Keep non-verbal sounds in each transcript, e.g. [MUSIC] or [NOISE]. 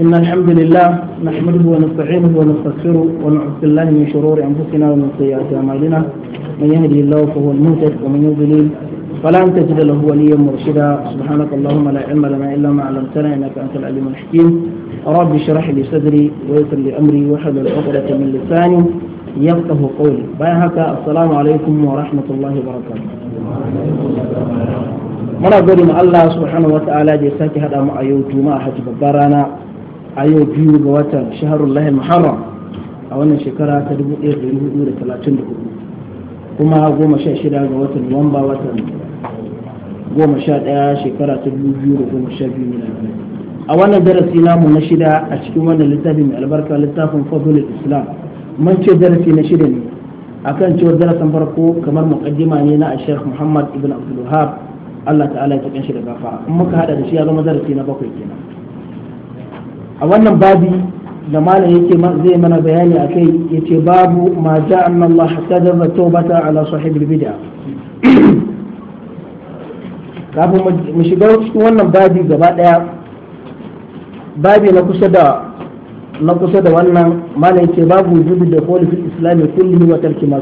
إن الحمد لله نحمده ونستعينه ونستغفره ونعوذ بالله من شرور أنفسنا ومن سيئات أعمالنا من يهدي الله فهو المهتد ومن يضلل فلا تجد له وليا مرشدا سبحانك اللهم لا علم لنا إلا ما علمتنا إنك أنت العليم الحكيم رب اشرح لي صدري ويسر لي أمري واحلل عقدة من لساني يفقه قولي باي السلام عليكم ورحمة الله وبركاته muna gode ma Allah subhanahu wa ta'ala da ya sake hada mu a yau juma'a hajji babbar rana a yau biyu ga watan shaharul lahi muharram a wannan shekara ta 1434 kuma goma sha shida ga watan nuwamba watan goma sha daya shekara ta 2012 a wannan darasi namu na shida a cikin wannan littafi mai albarka littafin fadlul islam mun ce darasi na shida ne akan cewar darasin farko kamar muqaddima ne na Sheikh Muhammad ibn Abdul Wahhab Allah ta'ala ya tukan shi da gafara in muka hada da shi ya zama darasi na bakwai kenan a wannan babi da malam yake zai mana bayani a akai yace babu ma ja'a anna Allah kadaba tawbata ala sahibul bid'a kafin mu shiga cikin wannan babi gaba daya babi na kusa da na kusa da wannan malam yake babu wujudu da qawli fil islam kullihi wa tarki ma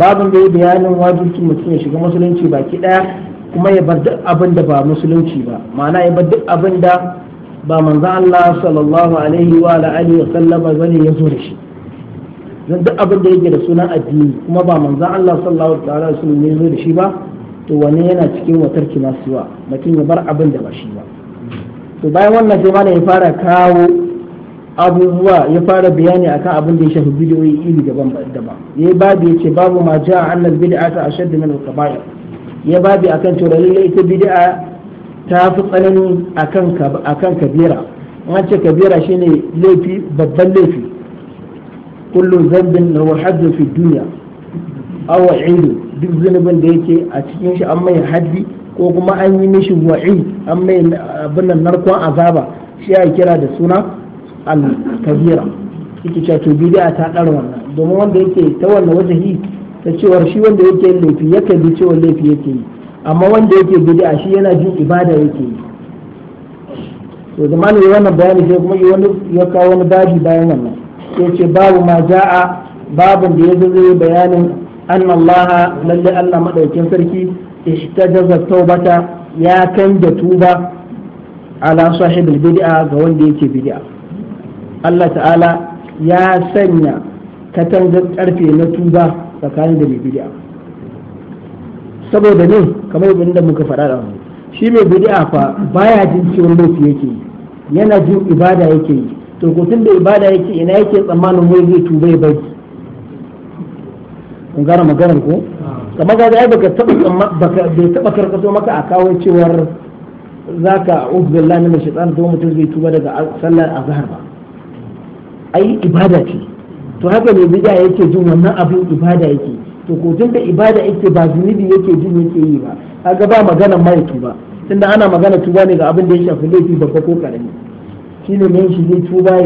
babin da ya bayanin wajibcin mutum ya shiga musulunci baki daya kuma ya bar duk abin da ba musulunci ba ma'ana ya bar duk abin da ba manzan Allah sallallahu alaihi wa alihi wa sallama bane ya zo da shi dan duk abin da yake da sunan addini kuma ba manzan Allah sallallahu alaihi wa sallam ya zo da shi ba to wani yana cikin watar kinasuwa mutum ya bar abin da ba shi ba to bayan wannan sai malam ya fara kawo abubuwa ya fara bayani akan abin da ya shafi bidiyoyi iri daban-daban yayi babu yace babu ma ja'a annal bid'ata ashaddu min al-kaba'ir ya babi akan cewa lalle ita bid'a ta fi tsanani akan akan kabira an ce kabira shine laifi babban laifi kullu zambin wa wahaddu fi duniya aw idu duk zunubin da yake a cikin shi an mai haddi ko kuma an yi mishi wa'i an mai abin narkon azaba shi ya kira da suna al kabira yake cewa to bid'a ta dar wannan domin wanda yake ta wannan wajahi da cewar shi wanda yake yin laifi ya kalli cewar laifi yake yi amma wanda yake bid'a shi yana jin ibada yake yi to da malamin wannan bayani sai kuma ya kawo wani babi bayan wannan sai ce babu ma ja'a babin da ya zo zai bayanin anna Allah lalle Allah madaukin sarki ihtajaza taubata ya kan da tuba ala sahibul bid'a ga wanda yake bid'a Allah ta'ala ya sanya katangar karfe na tuba tsakanin da mai bid'a saboda ne kamar yadda da muka faɗa da shi mai bid'a fa baya jin cewa laifi yake yi yana jin ibada yake yi to ko da ibada yake ina yake tsammanin wai zai tuba ya bari kun gara maganar ko kamar ga ai baka taba baka bai taba karkato maka a kawo cewa zaka ubillahi min shaitan to mutum zai tuba daga sallar azhar ba ai ibada ce to haka ne bid'a yake jin wannan abin ibada yake to ko da ibada yake ba zunubi yake jin yake yi ba kaga ba magana mai tuba tunda ana magana tuba ne ga abin da ya shafi laifi babba ko karami shine ne shi zai tuba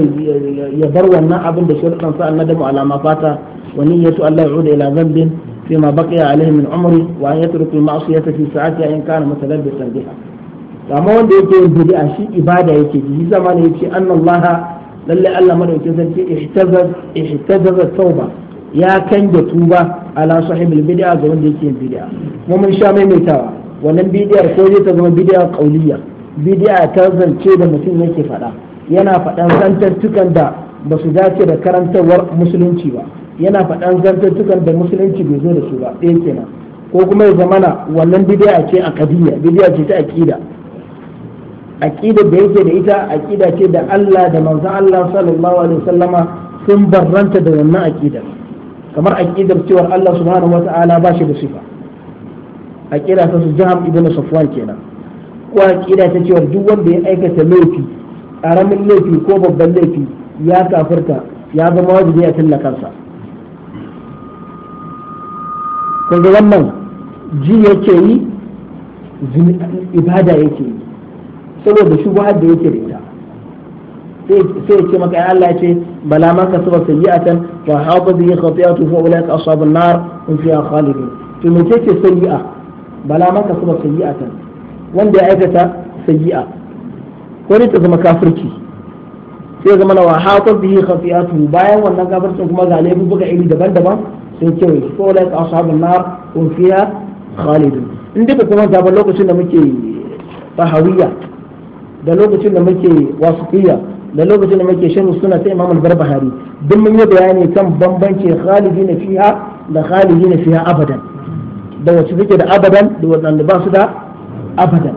ya bar wannan abin da shirkan sa annadamu alama fata wa niyyatu Allah ya'uda ila dhanbin فيما بقي عليه من عمره وأن يترك المعصية في ساعتها إن كان متلبسا بها kama wanda yake yin bid'a shi ibada yake ji zaman yake annan laha. lallai Allah madaukin sarki ihtazaza tauba ya kanja tuba ala sahibul bid'a ga wanda yake bid'a mu mun sha maimaitawa wannan bidiyar ko zai ta zama bidiyar kauliya bidiya ta zance da mutum yake faɗa yana faɗan zantattukan da ba su dace da karantarwar musulunci ba yana faɗan zantattukan da musulunci bai zo da su ba ɗaya kenan ko kuma ya zamana wannan bidiya ce a kadiya bidiya ce ta aƙida Aƙidar da yake da ita aqida ce da Allah da manzon Allah sallallahu alaihi wasallama sun barranta da wannan aqidar kamar aqidar cewa Allah subhanahu wata'ala ba shi da sifa aqida ta su jaham ibn safwan kenan ko aqida ta cewa duk wanda ya aikata laifi karamin laifi ko babban laifi ya kafirta ya zama wajibi a tallaka kansa kun wannan ji yake yi ibada yake yi saboda shubuhar da yake da ita sai ya ce maka ya Allah ya ce bala ma ka saba sayyi'atan wa hafa bihi khati'atu fa ulaika ashabun nar hum fiha khalidun to me ce sayyi'a bala ma ka saba sayyi'atan wanda ya aikata sayyi'a ko ne ta zama kafirci sai zama na wa hafa bihi khati'atu bayan wannan kafircin kuma ga laifin buga iri daban-daban sun kewaye fa ulaika ashabun nar hum fiha khalidun in duka kuma ba lokacin da muke tahawiyya da lokacin da muke wasiqiyya da lokacin da muke shan suna sai Imam al-Barbahari duk mun yi bayani kan bambanci na fiha da na fiha abadan da wacce take da abadan da wadanda ba su da abadan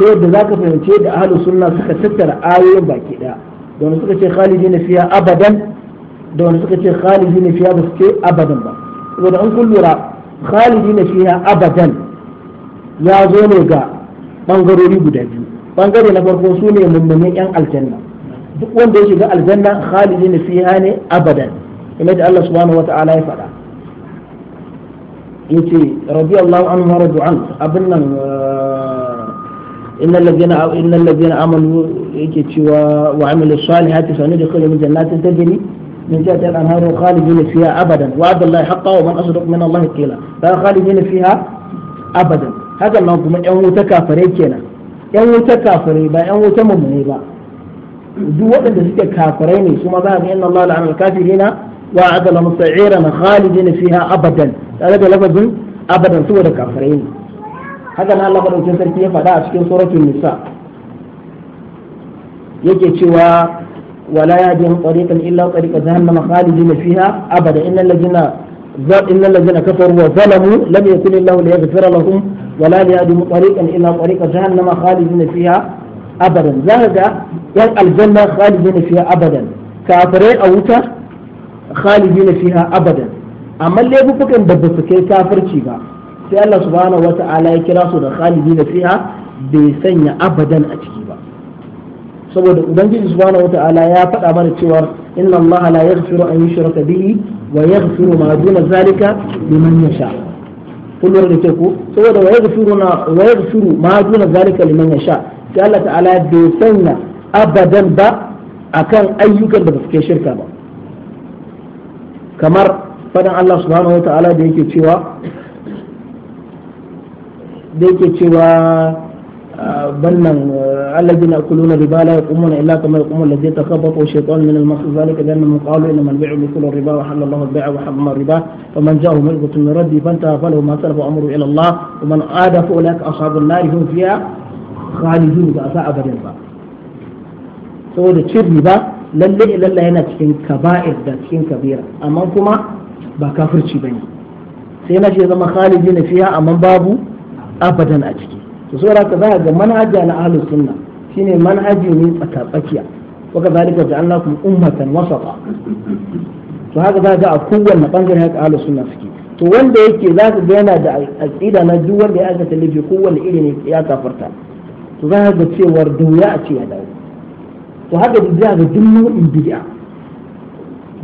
sai yadda zaka fahimce da ahlu sunna suka tattara ayoyin baki daya da wanda suka ce na fiha abadan da wanda suka ce na fiha ba su ce abadan ba saboda an kullura lura na fiha abadan ya zo ne ga bangarori guda biyu bangare na farko su ne mummunin yan aljanna duk wanda ya shiga aljanna khalidin fiha ne abadan kuma da Allah subhanahu wata'ala ya faɗa yace radiyallahu anhu wa radu an abin nan innal ladina aw innal ladina amanu yake cewa wa amilu salihati min jannatin tajri من جهة الأنهار خالدين فيها أبدا وعد الله حقا ومن أصدق من الله قيلا فخالدين فيها أبدا هذا ما هم يوم تكافرين كنا yan wuta kafirai ba yan wuta mummai ba duk waɗanda suke kafirai ne su ma za a ga inna Allah la'anal kafirina wa adala musa'iran khalidina fiha abadan tare da lafazin abadan saboda kafirai ne haka nan Allah madaukakin sarki ya faɗa a cikin suratul nisa yake cewa wala yajin tariqan illa tariqa jahannama khalidina fiha abada innal ladina إن الذين كفروا وظلموا لم يكن الله ليغفر لهم ولا ليهدهم طريقا إلا طريق جهنم خالدين فيها أبدا ذلك يعني الجنة خالدين فيها أبدا كافرين أو خالدين فيها أبدا amma laifukan da ba su kai kafirci ba sai Allah subhanahu wa ta'ala ya kira su da khalidi da fiha bai sanya abadan a ciki ba saboda ubangiji subhanahu wa ta'ala ya faɗa mana cewa إن الله لا يغفر أن يشرك به ويغفر ما دون ذلك لمن يشاء كل ورد تكو سوى ويغفر ويغفر ما دون ذلك لمن يشاء قال تعالى بيسنا أبدا با أكان أيك بفك شركة با كمر فدن الله سبحانه وتعالى ديكي تشوى ديكي تشوى بلن الذين يأكلون الربا لا يقومون إلا كما يقوم الذي تخبطه الشيطان من المس ذلك لأنهم قالوا إنما البيع مثل الربا وحل الله البيع وحرم الربا فمن جاءه مرقة من ربي فانتهى فله ما سلف أمره إلى الله ومن عاد فأولئك أصحاب النار هم فيها خالدون بأساء أبدا saboda cin riba lalle lalle yana cikin kaba'ir da cikin kabira amma kuma ba kafirci bane sai na ce zama khalidi na fiya amma babu abadan a ciki to saboda ka za ga manhaja na ahlus sunna shine manhaji ne tsakatsakiya wa kadhalika ja'alnakum ummatan wasata to haka za ga a kowanne bangare haka ahlus sunna suke to wanda yake za ga yana da aqida na duk wanda ya aka talibi kowanne irin ne ya kafarta to za ka ga cewar doya a ce ya dawo to haka da za ga duk nau'in bid'a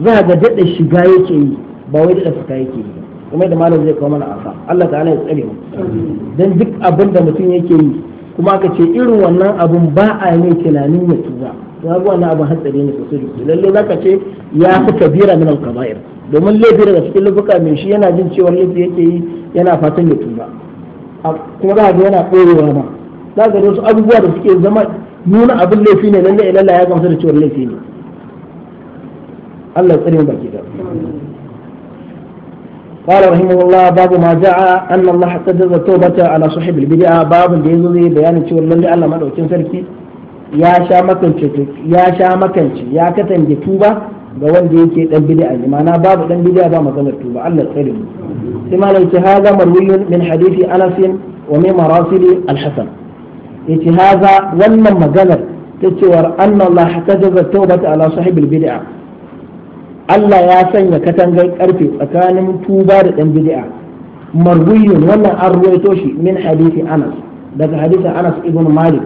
za ga daɗa shiga yake yi ba wai daɗa fita yake yi kuma da malam zai kawo mana afa Allah ta'ala ya tsare mu dan duk abin da mutum yake yi kuma aka ce irin wannan abun ba a yi tunanin ya tuba to ga wannan abun hatsari ne sosai da lalle zaka ce ya fi kabira min al-kaba'ir domin laifi daga cikin lubuka mai shi yana jin cewa laifi yake yi yana fatan ya tuba kuma za ga yana korewa ma za ga wasu abubuwa da suke zama nuna abin laifi ne lalle ilalla ya gamsu da cewa laifi ne Allah ya tsare mu baki da قال رحمه الله باب ما جاء أن الله سدد التوبة على صاحب البدعة باب da yazo zai bayani cewa lalle Allah madaukin sarki ya sha makance ya sha makance ya katange tuba ga wanda yake dan bid'a ne ma'ana babu dan bid'a ba maganar tuba Allah tsare mu sai malam ce hada marwiyun min hadisi Anas wa min marasili al-Hasan yace hada wannan maganar ta cewa anna Allah tawbata ala sahibil bid'a Allah ya sanya katangar karfe tsakanin tuba da ɗan bid'a marwiyun wannan an ruwaito shi min hadisi Anas daga hadisi Anas ibn Malik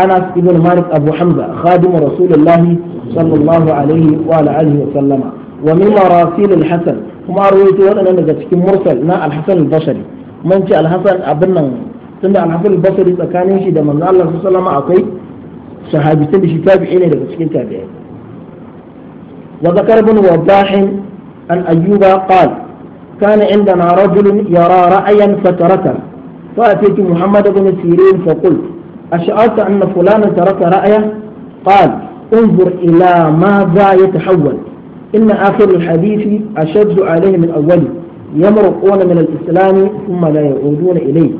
Anas ibn Malik Abu Hamza khadim Rasulullahi sallallahu alaihi wa alihi wa sallama wa min marasil al-Hasan kuma ruwaito wadannan daga cikin mursal na al-Hasan al-Basri mun ce al-Hasan abin nan tunda al-Hasan al-Basri tsakanin shi da manzo Allah sallallahu alaihi wa sallama akwai sahabi da shi tabi'i ne daga cikin tabi'ai وذكر ابن وضاح عن أيوب قال كان عندنا رجل يرى رأيا فتركه فأتيت محمد بن سيرين فقلت أشعرت أن فلانا ترك رأيه قال انظر إلى ماذا يتحول إن آخر الحديث أشد عليه من أوله يمرقون من الإسلام ثم لا يعودون إليه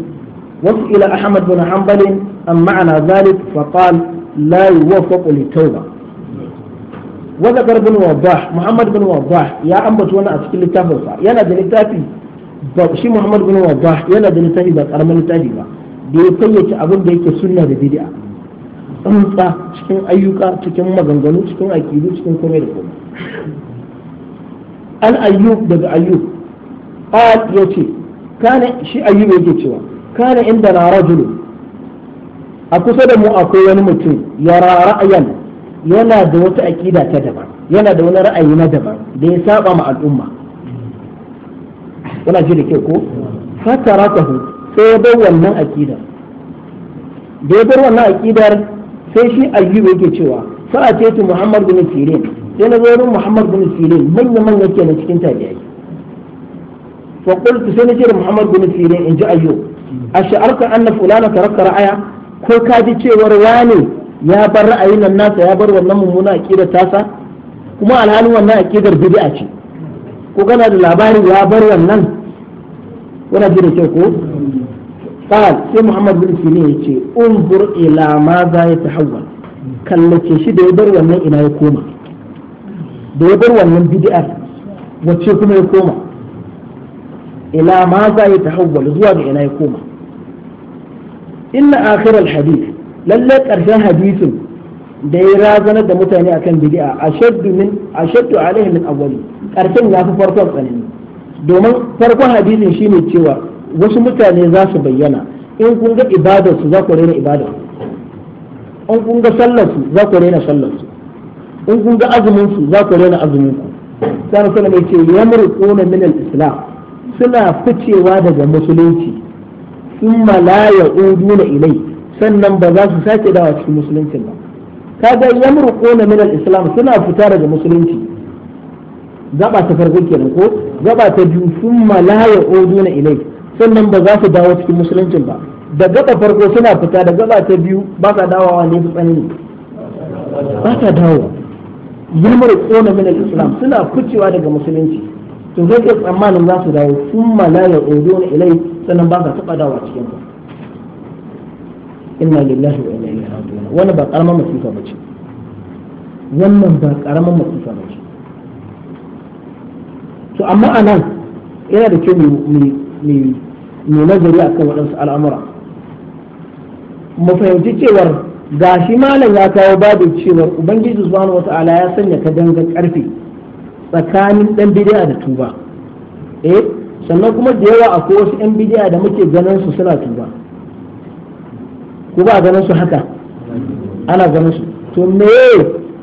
وسئل أحمد بن حنبل عن معنى ذلك فقال لا يوفق للتوبة bin wabba muhammad bin wabba ya وضاح wani a cikin littafinsa yana da littafi ba shi Muhammad bin wabba yana da littafi ba karamin littafi ba da ya fayyace abin da yake sunna da bid'a tsuntsa cikin ayyuka cikin maganganu cikin akidu cikin komai da komai an ayyub daga ayyub qal yace kana shi ayyub yake cewa kana inda na rajulu a kusa da mu akwai wani mutum ya ra'ayan yana da wata aƙida ta daban yana da wani ra'ayi na daban da ya saba ma al'umma kuna ji da ke ko fataratahu sai ya bar wannan aƙidar da ya bar wannan aƙidar sai shi ayyuba yake cewa sa'a ce tu muhammad bin sirin sai na zo muhammad bin sirin manya manya kenan cikin tabi'ai fa qultu sai na ce muhammad bin sirin in ji ayyub ash'arka anna fulana taraka ra'aya ko ka ji cewar wani ya bar ra'ayin nan nasa ya bar wannan mummunan aqidar tasa kuma alhali wannan aqidar bid'a ce ko kana da labari ya bar wannan wani ji da kyau ko qal sai muhammad bin sini ya ce unzur ila ma za ya tahawwal kallace shi da ya bar wannan ina ya koma da ya bar wannan bid'ar wacce kuma ya koma ila ma za ya tahawwal zuwa ga ina ya koma inna akhir al hadith lalle karshen hadisin da ya razanar da mutane akan bid'a a min ashaddu alaihi min awwali karshen ya fi farkon tsanani domin farkon hadisin shine cewa wasu mutane za su bayyana in kun ga ibadar su za ku raina ibadar in kun ga sallar su za ku raina sallar su in kun ga azumin su za ku raina azumin ku sai Allah mai ce yamruquna min al-islam suna ficewa daga musulunci thumma la ya'uduna ilayhi sannan ba za su sake dawa cikin musulunci ba kaga na min al-islam suna fita daga musulunci gaba ta farko kenan ko gaba ta biyu sun malaya oduna ilai sannan ba za su dawo cikin musuluncin ba da gaba farko suna fita da gaba ta biyu ba ka dawowa ne su tsanani ba ka dawo yamruquna min al-islam suna kucewa daga musulunci to zai tsammanin za su dawo sun malaya oduna ilai sannan ba ka taba dawo cikin ba inna lillahi wa inna ilaihi raji'un wannan ba karaman masifa bace wannan ba karaman masifa bace to amma anan yana da kyau mai nazari akan waɗansu al'amura mu fahimci cewar gashi malam ya kawo babu cewar ubangiji subhanahu wata'ala ya sanya ka danga karfe tsakanin dan bid'a da tuba eh sannan kuma da yawa akwai wasu yan bid'a da muke ganin su suna tuba ko ba ganin su haka ana ganin su to me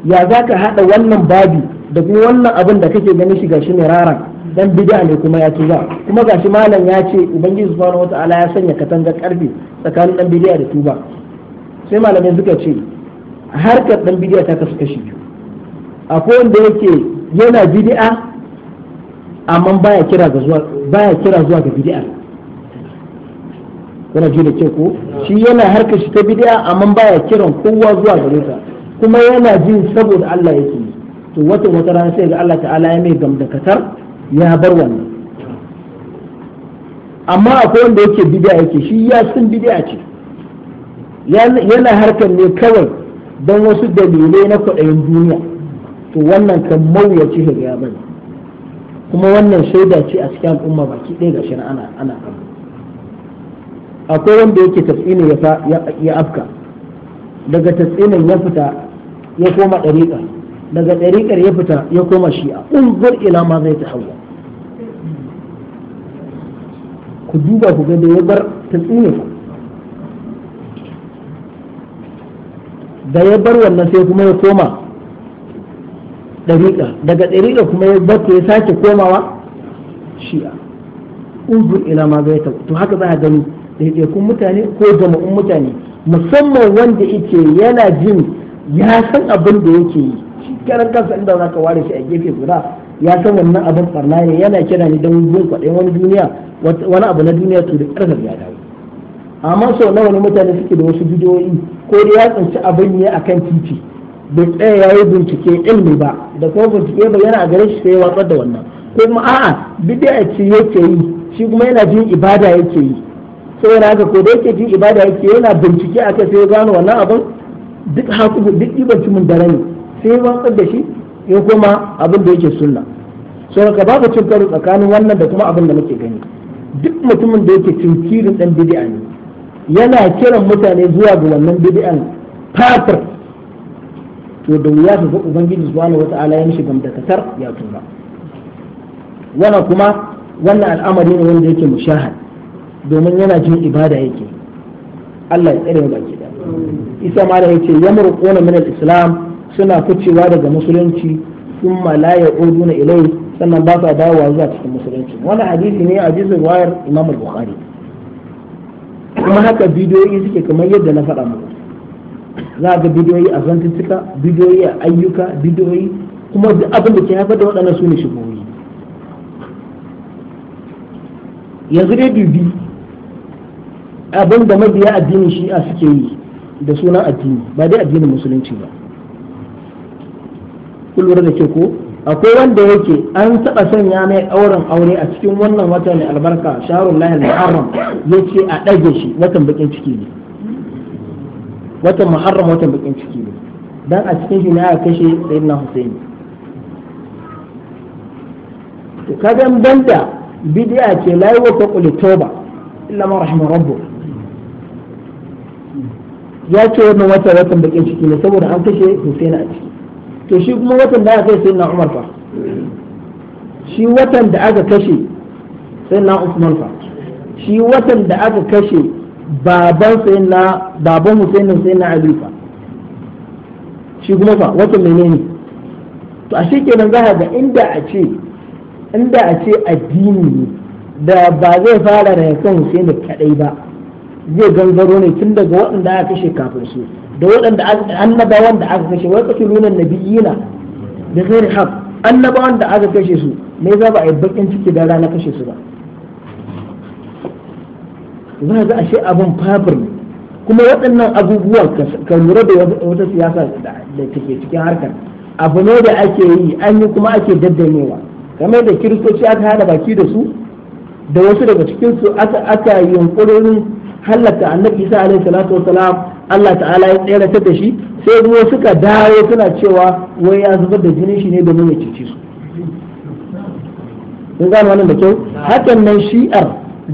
ya za ka haɗa wannan babi da kuma wannan abin da kake ganin shi gashi ne rara dan bid'a ne kuma ya tuba kuma gashi malam ya ce ubangiji subhanahu wataala ya sanya katangar karfe tsakanin dan bid'a da tuba sai malamai suka ce harkar dan bid'a ta kasu kashi biyu akwai wanda yake yana bid'a amma baya kira zuwa baya kira zuwa ga bid'a kuna ji da ke ko shi yana harka shi ta bid'a amma baya kiran kowa zuwa gare ta kuma yana jin saboda Allah yake to wata wata rana sai ga Allah ta'ala ya mai gamdakatar ya bar wannan amma akwai wanda yake bid'a yake shi ya sun bid'a ce yana harkar ne kawai don wasu dalilai na kwaɗayin duniya to wannan kan mawuyaci ya bane kuma wannan shaida ce a cikin al'umma baki ɗaya ga shi ana ana kama akwai wanda yake tasini ya afka daga tatsinin ya fita ya koma ɗariƙa daga ɗariƙar ya fita ya koma shi'a ungur ila ma zai ta hawa ku duba ku ga da ya bar tasini da ya bar wannan sai kuma ya koma ɗariƙa daga ɗariƙa kuma ya bata ya sake komawa shi'a ungur ila ma zai ta to haka za a gani ɗaiɗaikun mutane ko jama'un mutane musamman wanda yake yana jin ya san abin da yake yi shi karan kansa inda za ka ware shi a gefe guda ya san wannan abin barna ne yana kira ni don bin kwaɗayin wani duniya wani abu na duniya to da ƙarfin ya dawo amma sau na wani mutane suke da wasu bidiyoyi ko da ya tsinci abin ne kan titi bai tsaya ya yi bincike ilmi ba da kuma bincike yana a gare shi sai ya watsar da wannan ko kuma a'a bid'a ce yake yi shi kuma yana jin ibada yake yi yana haka ko da yake cin ibada yake yana bincike akai sai ya gano wannan abin duk haku duk ibanci mun dare ne sai ya wantsar da shi ya koma abin da yake sunna saboda ka babu cin karo tsakanin wannan da kuma abin da muke gani duk mutumin da yake kirin dan bid'a ne yana kiran mutane zuwa ga wannan bid'an fatar to da wuya ka ga ubangiji subhanahu wata'ala ya mishi gamdakatar ya tuba wannan kuma wannan al'amari ne wanda yake mushahada domin yana jin ibada yake Allah ya tsare baki da isa ma da yace kona min islam suna ficewa daga musulunci thumma la uduna ilai sannan ba sa dawowa zuwa cikin musulunci wannan hadisi ne a hadisin wayar Imam al-Bukhari kuma haka bidiyoyi suke kamar yadda na faɗa muku za ga bidiyoyi a zantuttuka bidiyoyi a ayyuka bidiyoyi kuma duk abin da ke haifar da waɗannan su ne shigoyi yanzu dai dubi abin da mabiya addini shi'a suke yi da sunan addini ba dai addinin musulunci ba kullum da ke ko akwai wanda yake an taɓa sanya mai auren aure a cikin wannan wata mai albarka shaharun lahir muharram ya ce a ɗage shi watan bakin ciki ne watan muharram watan bakin ciki ne dan a cikin shi ne aka kashe sayyidina husaini to kaga banda bid'a ce la yuwafaqu li tauba illa ma rahima rabbuh ya ce wannan watan watan bakin ciki ne saboda an kashe Hussein a ciki to shi kuma watan da aka kai sai na Umar fa shi watan da aka kashe sai na Usman fa shi watan da aka kashe baban sai na baban Hussein sai na Ali fa shi kuma fa watan menene to ashe kenan za ga inda a ce inda a ce addini ne da ba zai fara da kan Hussein kadai ba zai gangaro ne tun daga waɗanda aka kashe kafin su da waɗanda annabawan da aka kashe wai kashe nuna nabiyina da zai rihab annabawan da aka kashe su me za ba a yi bakin ciki da rana kashe su ba za a ashe abin fafir ne kuma waɗannan abubuwa ka lura da wata siyasa da take cikin harkar abu ne da ake yi an yi kuma ake daddanewa kamar da kiristoci aka hada baki da su da wasu daga cikinsu aka yi yunkurin halatta annabi isa alaihi salatu wasalam Allah ta'ala ya ta da shi sai ruwa suka dawo suna cewa wai ya zubar da jinin shi ne domin ya cece su kun gano wannan da kyau hakan nan shi'ar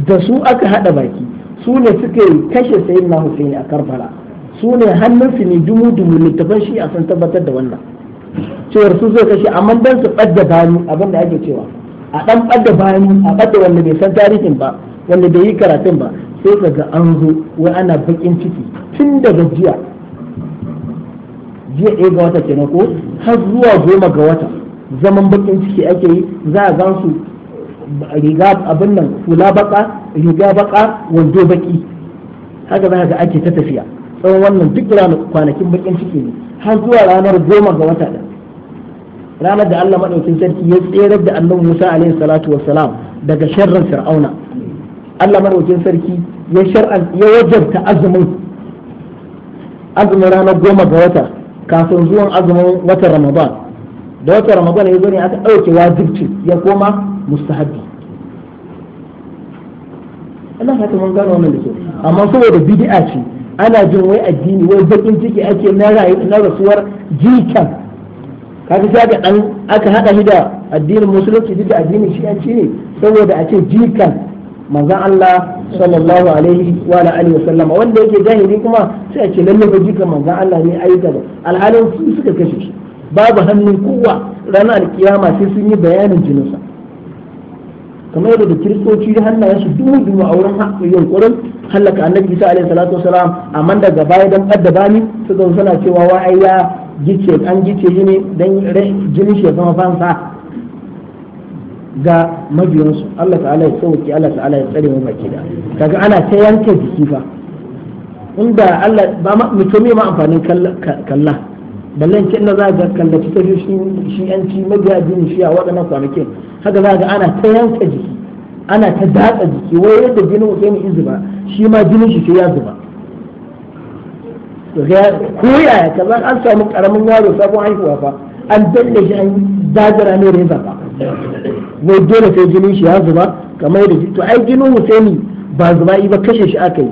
da su aka hada baki su ne suke kashe sayyidina Hussein a Karbala su ne hannun su ne dumu dumu shi a san tabbatar da wannan cewar su zai kashe amma dan su badda bani abin da ake cewa a dan badda bani a badda wanda bai san tarihin ba wanda bai yi karatun ba sai kaga an zo wai ana bakin ciki tun daga jiya jiya ɗaya ga wata kenan ko har zuwa goma ga wata zaman bakin ciki ake yi za a gan su riga abin nan fula baka riga baka wando baki haka za ga ake ta tafiya tsawon wannan duk ranar kwanakin bakin ciki ne har zuwa ranar goma ga wata da, ranar da Allah maɗaukin sarki ya tserar da annabi Musa alaihi salatu wassalam daga sharrin Fir'auna Allah maɗaukin sarki ya shar'an ya wajabta azumin azumin ranar goma ga wata kafin zuwan azumin watan ramadan da watan ramadan ya zo ne aka ɗauke wajibci ya koma mustahabi Allah ya mun gano wannan da ke amma saboda bid'a ce ana jin wai addini wai baƙin ciki ake na na rasuwar jikan kaga sai ga dan aka hada shi da addinin musulunci da addinin shi'anci ne saboda a ce jikan manzon Allah sallallahu alaihi wa alihi wa sallama wanda yake jahili kuma sai a ce lalle ba jikan manzon Allah ne ai gaba alhalin su suka kashe shi babu hannun kowa ranar alkiyama sai sun yi bayanin jininsa kamar yadda da kiristoci da hannayensu su dumu a wurin yunkurin hallaka annabi isa alaihi salatu wasalam amma daga baya dan badda bani suka suna cewa wa ai ya gice an gice jini dan jinin shi ya zama fansa ga mabiyansu Allah ta'ala ya sauki Allah ta'ala ya tsare mu baki da kaga ana ta yanke jiki fa inda Allah ba ma mutum ma amfanin kalla balle ce inda za ga kalla ta shi shi yanci mabiya din shi a waɗannan kwanakin haka za ga ana ta yanke jiki ana ta datsa jiki wai yadda jinin Usaini in zuba shi ma jinin shi sai ya zuba ko yaya kaza an samu karamin yaro sabon haihuwa fa an danne shi an dajara ne reza fa wai dole sai jinin shi ya zuba kamar yadda to ai jinin Hussaini ba zuba yi ba kashe shi aka yi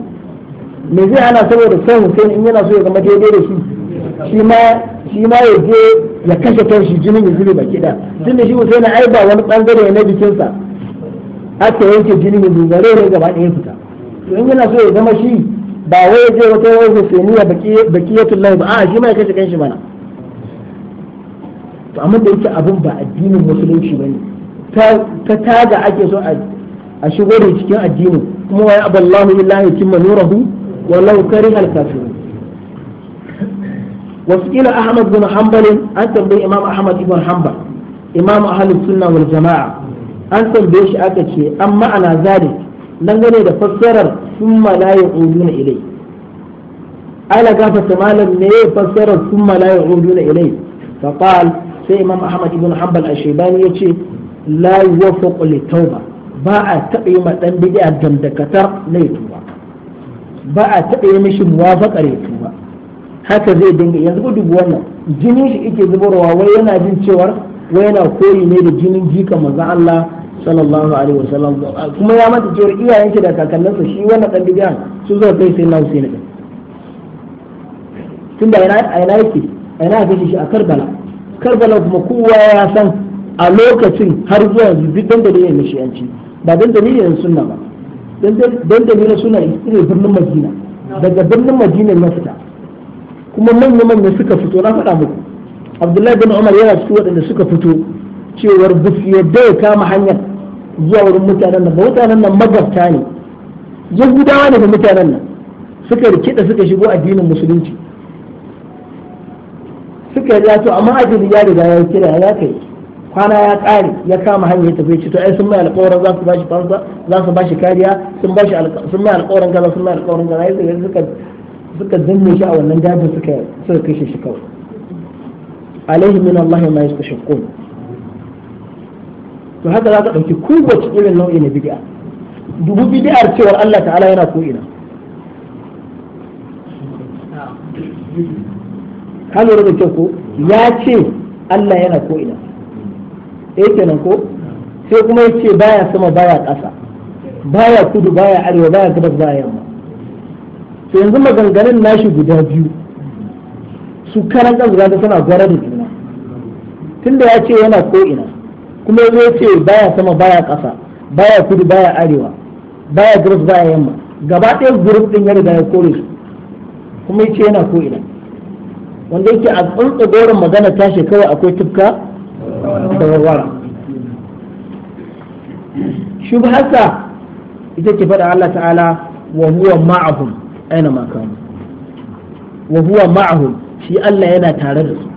me zai ana saboda san Hussaini in yana so ya zama daidai da shi shi ma shi ma ya je ya kashe shi jinin ya zube baki da shi Husaini ai ba wani bangare na jikinsa aka yanke jinin ya rai ne gaba ɗaya fita to in yana so ya zama shi ba wai ya je wata wani Husaini ya baki baki ya tullahi ba a shi ma ya kashe kan shi mana to amma da yake abin ba addinin musulunci bane ta taga ake so a shigo da cikin addini kuma wa ya'ba Allahu illa wa nurahu wallahu karihal kafirun an أحمد imam ahmad ibn hanbal imam أحمد sunna wal jamaa an tambaye shi aka ce amma ana zalik nan gane da fassarar summa la ya'uduna ilai ala gafa malam ne fassarar summa la ya'uduna ilai fa qala sai imam ahmad ibn hanbal ashebani ya ce la yuwaffaqu li tauba ba a taɓa yi ma bid'a dandakatar na tuba ba a taɓa yi mishi muwafaqar ya tuba haka zai dinga yanzu ku dubu wannan jinin shi yake zubarwa wai yana jin cewar wai yana koyi ne da jinin jika manzon Allah sallallahu alaihi wasallam kuma ya mata cewar iyayen shi da kakanninsa shi wannan dan bid'a su zo kai sai na Husaini tunda ina ina yake ina kashi shi a Karbala karbala kuma kowa ya san a lokacin har zuwa yanzu duk dan dalilin mashiyanci ba dan dalilin sunna ba dan dalilin suna irin birnin madina daga birnin madina na fita kuma manya manya suka fito na faɗa muku abdullahi bin umar yana cikin waɗanda suka fito cewar duk yadda ya kama hanyar zuwa wurin mutanen nan ba mutanen nan magabta ne yahudawa ne da mutanen nan suka rikida suka shigo addinin musulunci suka ya to amma ajali ya riga ya kira ya kai kwana ya kare ya kama hanyar ya tafi to ai sun mai alƙawarin za su bashi fansa za su bashi kariya sun bashi sun mai alƙawarin kaza sun mai alƙawarin kaza sai suka suka danne shi a wannan dajin suka suka kashe shi kawai alaihi min Allah ma yastashqun to haka za ka dauki kowace cikin nau'i na bid'a dubu bid'ar cewa Allah ta'ala yana ko ina Kalu da ke ko ya ce Allah yana ko ina eh kenan ko sai kuma ya ce baya sama baya ƙasa baya kudu baya arewa baya gabas baya yamma to yanzu maganganun nashi guda biyu su karan kan guda suna gwara da juna tunda ya ce yana ko ina kuma ya ce baya sama baya ƙasa baya kudu baya arewa baya gabas baya yamma gaba ɗaya gurbin ɗin ya riga ya kore su kuma ya ce yana ko ina wanda yake a tsuntsa goron magana tashi kawai akwai tufka da warwara haka ita ce faɗa Allah ta'ala wa huwa ma'ahum aina ma kanu wa huwa ma'ahum shi Allah yana tare da su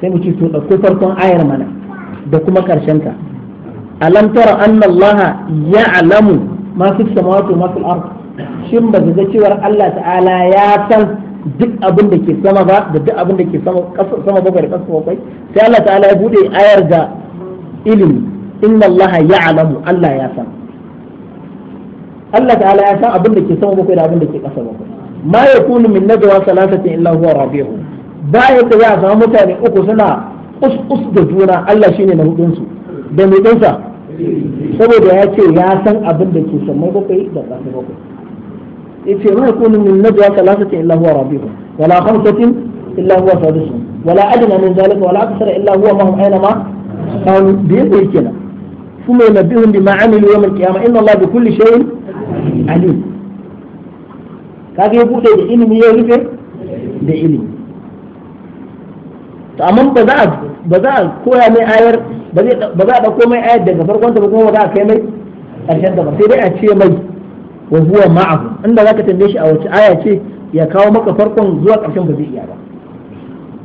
sai mu ce to ɗauko farkon ayar mana da kuma ƙarshen ta alam tara anna Allah ya'lamu ma fi samawati wa ma fil ardh shin ba su ga cewar Allah ta'ala ya san duk abin da ke sama ba da duk abin da ke sama bakwai da kasa bakwai sai Allah ta'ala ya bude ayar da ilimi inna Allah ya'lamu Allah ya san Allah ta'ala ya san abin da ke sama bakwai da abin da ke kasa bakwai ma yakunu min najwa thalathatin illa huwa rabi'uhum ba yadda za a samu mutane uku suna us da juna Allah shine na hudunsu da mai dinsa saboda ya ce ya san abin da ke sama bakwai da kasa bakwai يتي ما يكون من نجوى ثلاثة إلا هو رابعه ولا خمسة إلا هو سادسه ولا أدنى من ذلك ولا أكثر إلا هو ما هم أينما كانوا بيده كده ثم ينبئهم بما عملوا يوم القيامة إن الله بكل شيء عليم كاكي يقول لي دعيني ميالي في دعيني تأمم بذات بذات كوها مي آير بذات بكو مي آير دعيني فرقون تبكو مي آير كيمي الشيء ده بصيري أتشي مي, أتشي مي. wa huwa ma'ahu inda zaka tambaye shi a wace aya ce ya kawo maka farkon zuwa ƙarshen ba zai iya ba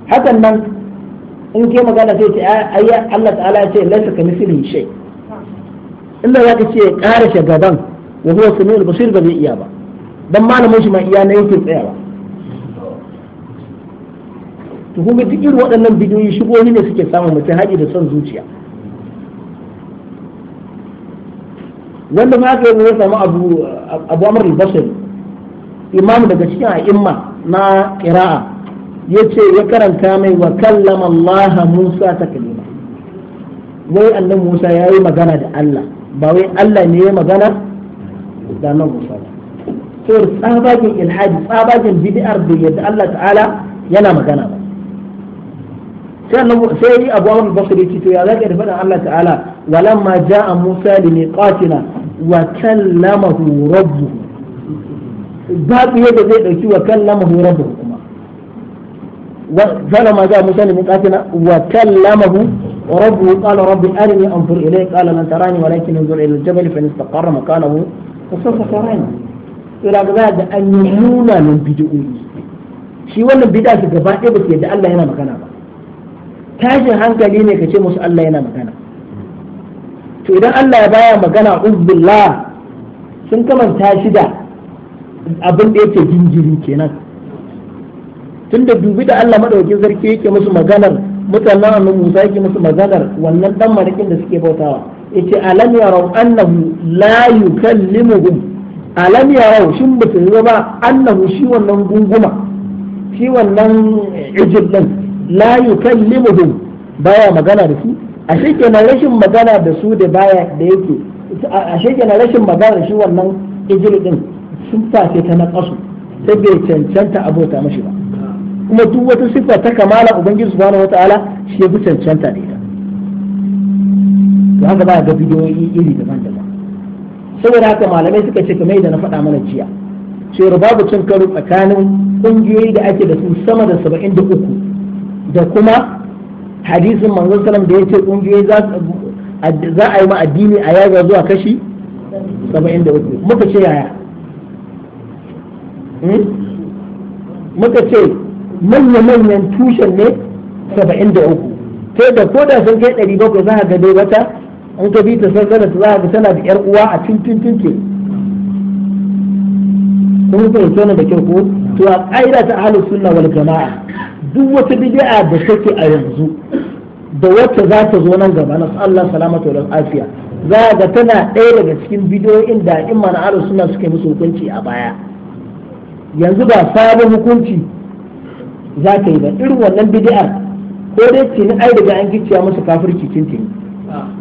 hakan nan in ke magana sai ce ayya Allah ta'ala ya ce laysa kamithlihi shay inda zaka ce ƙara shagaban wa huwa samiul basir ba zai iya ba dan malamin shi ma iya na yake tsayawa to kuma duk irin waɗannan bidiyoyi shigoyi ne suke samun mutum haɗi da son zuciya wanda ma aka yi ya samu abu abu amr al-basri imam daga cikin a'imma na qira'a yace ya karanta mai wa kallama Allah Musa ta taklima wai annabi Musa ya yi magana da Allah ba wai Allah ne ya magana da annabi Musa ba to tsabagen ilhadi tsabagen bid'ar da yadda Allah ta'ala yana magana ba sai abu amur ya ce to ya zaka da faɗin Allah ta'ala walamma ja'a Musa li miqatina وكلمه ربه باقي يد زيد وكلمه ربه وقال ما جاء موسى لمقاتنا وكلمه ربه قال رب ارني انظر اليك قال لن تراني ولكن انظر الى الجبل فان استقر مكانه فسوف تراني الى بعد ان يجونا من بدؤه شي ولا بدا في غبا ايه بس يد الله هنا مكانه تاج هانكا لينك تشي مش الله هنا مكانه to idan Allah ya baya magana uzbillah sun kamanta shi da abin da yake jinjiri kenan tunda dubi da Allah madaukin sarki yake musu maganar mutanen annabi Musa yake musu maganar wannan dan marakin da suke bautawa yace alam yarau annahu la yukallimuhum alam yarau shin ba su ba annahu shi wannan gunguma shi wannan ijib din la yukallimuhum baya magana da su a kenan rashin magana da su da baya da yake a kenan rashin magana shi wannan ijil din sun face ta na kasu sai bai cancanta abota mashi ba kuma duk wata siffa ta kamala ubangiji subhanahu wataala shi ya fi cancanta da ita to haka ba ga bidiyoyi iri daban-daban saboda haka malamai suka ce kamar da na faɗa mana jiya cewar babu cin karo tsakanin kungiyoyi da ake da su sama da saba'in da da kuma hadisin manzo sallam da yace kungiyoyi za a yi ma addini a yaga zuwa kashi 73 muka ce yaya hmm? muka ce manya-manyan tushen ne 73 sai da koda sun kai 700 za a ga dai wata in ka bi ta ta za a ga tana da yar uwa a cikin ke kuma fahimta da kyau ko to a ƙa'ida ta ahlus sunna wal jama'a duk wata bid'a da take a yanzu da wacce za ta zo nan gaba na Allah salamatu wa afiya za ga tana ɗaya daga cikin bidiyoyin da imma mana ahlus suna suke musu hukunci a baya yanzu ba sabon hukunci za ka yi ba irin wannan bid'ar ko dai tini ai daga an gicciya musu kafirci tintini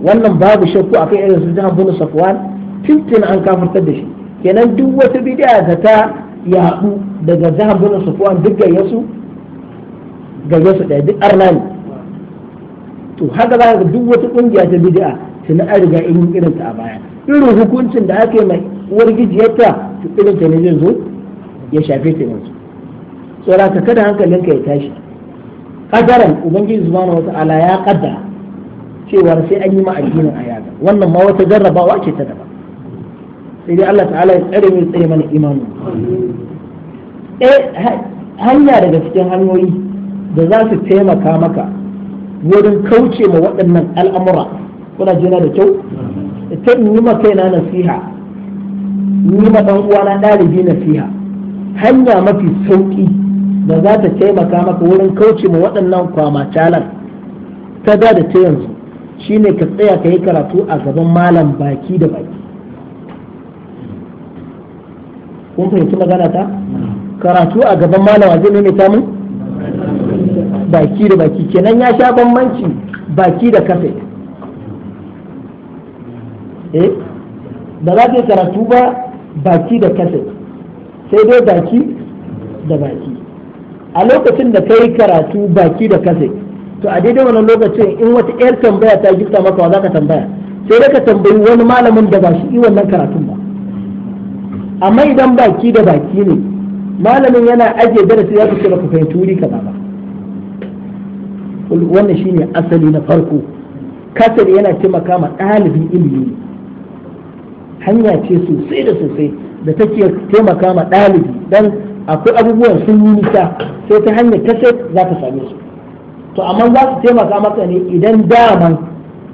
wannan babu shakku akan irin su jihar bin safwan tintini an kafirtar da shi kenan duk wata bid'a da ta yaɗu daga jihar bin safwan duk gayyasu gare su ɗaya duk arna ne to haka za ka duk wata ƙungiya ta bid'a na an riga yi irin ta a baya irin hukuncin da aka yi mai uwar gijiyarta to irin ta ne zai zo ya shafe ta yanzu saboda ka kada hankalinka ya tashi kadaran ubangiji subhanahu wata'ala ya kadda cewa sai an yi ma addinin a yaga. wannan ma wata jarrabawa ce ta daban sai dai Allah ta'ala ya tsare mai tsaye mana imanu eh hanya daga cikin hanyoyi da za su taimaka maka wurin kauce ma waɗannan al'amura kuna jina da kyau ta yi ma kaina nasiha yi ma ɗan uwana ɗalibi nasiha hanya mafi sauƙi da za ta taimaka maka wurin kauce ma waɗannan calar ta da da ta yanzu shine ka tsaya ka yi karatu a gaban malam baki da baki kun fahimci magana ta karatu a gaban malam a zai ta mun baki da baki kenan ya sha bambanci baki da kafe eh ba za ka karatu ba baki da kafe sai dai baki da baki a lokacin da kai karatu baki da kafe to a daidai wannan lokacin in wata 'yar tambaya ta gifta maka wa za ka tambaya sai dai ka tambayi wani malamin da ba shi yi wannan karatun ba amma idan baki da baki ne malamin yana ajiye darasi ya fi baka fahimci wuri ka ba wannan shine asali na farko kasar yana taimaka ma ɗalibin ilimi hanya ce sosai da sosai da take taimaka ma ɗalibi don akwai abubuwan sun yi nisa sai ta hanyar kasar za ka same su to amma za su taimaka maka ne idan daman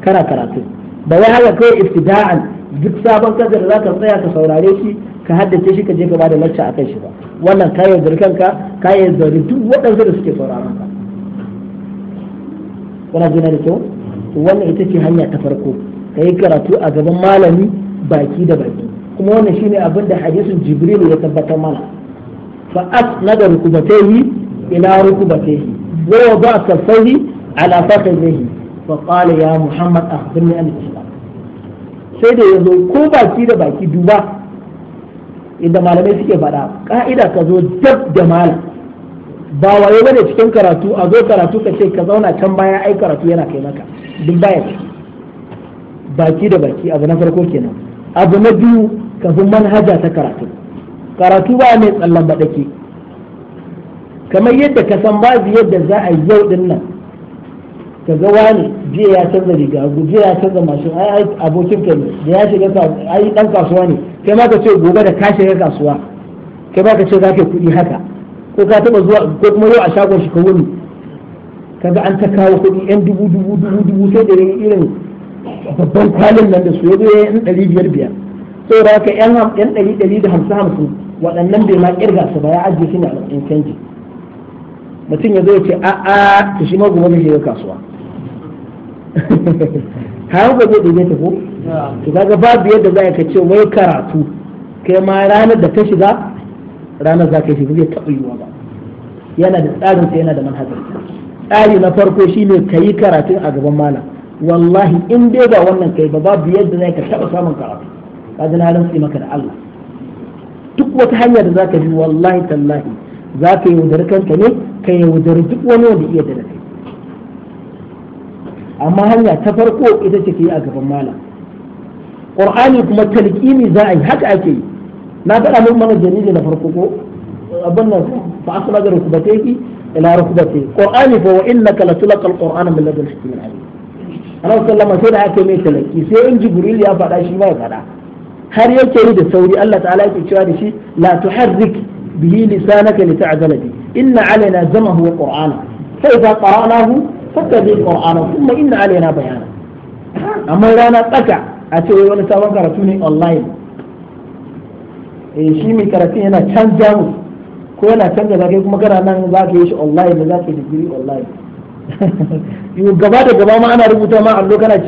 kana karatu ba wai haka kawai iftida'an duk sabon kasar da za ka tsaya ka saurare shi ka haddace shi ka je ka bada lacca akan shi ba wannan ka yaudari kanka ka yaudari duk waɗansu da suke sauraron ka kuna gina da kyau wannan ita ce hanya ta farko ka yi karatu a gaban malami baki da baki kuma wannan shine abin da hadisin jibril ya tabbatar mana fa as nada rukubatayhi ila rukubatayhi wa wada kafayhi ala fakhidhihi fa qala ya muhammad akhbirni an sai da yanzu ko baki da baki duba inda malamai suke faɗa ka'ida ka zo dab da malam ba waye bane cikin karatu a zo karatu ka ce ka zauna can baya ai karatu yana kai maka duk baya baki da baki abu na farko kenan abu na biyu ka fi manhaja ta karatu karatu ba mai tsallan baɗake kamar yadda ka san babu yadda za a yi yau din nan ka ga wani jiya ya canza riga jiya ya canza mashin ai abokin ka ne da ya shiga ai dan kasuwa ne kai ma ka ce gobe da ka shiga kasuwa kai ma ka ce za ka kuɗi haka ko ka taba zuwa ko kuma yau a shagon shi ka wuni kaga an ta kawo kuɗi yan dubu dubu dubu dubu sai da yin irin babban kwalin nan da su yazo ya yan ɗari biyar biyar da haka yan yan ɗari ɗari da hamsin hamsin waɗannan bai ma ƙirga su ba ya ajiye su ne a matsayin canji mutum ya zo ya ce a'a ta shi ma gobe zai shiga kasuwa kayan ba da zai tafi to kaga babu yadda za ka ce wai karatu kai ma ranar da ta shiga ranar za ka yi shi zai taɓa yiwuwa ba yana da tsarin sa yana da manhajar tsari na farko shine ka yi karatun a gaban malam wallahi in dai ba wannan kai ba babu yadda za ka taɓa samun karatu ka ji na rantsi maka da Allah duk wata hanya da za ka bi wallahi tallahi za ka yaudari kanka ne ka yaudari duk wani wanda iya da kai amma hanya ta farko ita ce ka yi a gaban malam qur'ani kuma talqini za a yi haka ake yi na faɗa min mana jariri na farko ko abin nan fa asla da rukubatayki ila rukubatayki qur'ani fa wa innaka latulqal qur'ana min ladun hakimin alim Allah sallama sai da aka mai talaki sai in jibril ya faɗa shi ba faɗa har yake ni da sauri Allah ta'ala yake cewa da shi la tuharrik bihi lisanaka lita'jala bi inna alaina zamahu wa qur'ana fa idza qara'nahu fattabi qur'ana thumma inna alaina bayana amma rana tsaka a ce wani sabon karatu ne online Eh, shi mai karatun yana canja mu ko yana canja gaba kai kuma kana nan za ka yi shi online da za ka yi digiri online [LAUGHS] yau gaba da gaba ma ana rubuta ma allo kana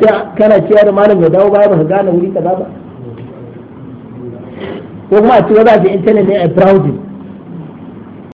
ciya da malam ya dawo baya ba ka gane wuri kaza ba ko kuma a cewa za ka yi intanet ne a browsing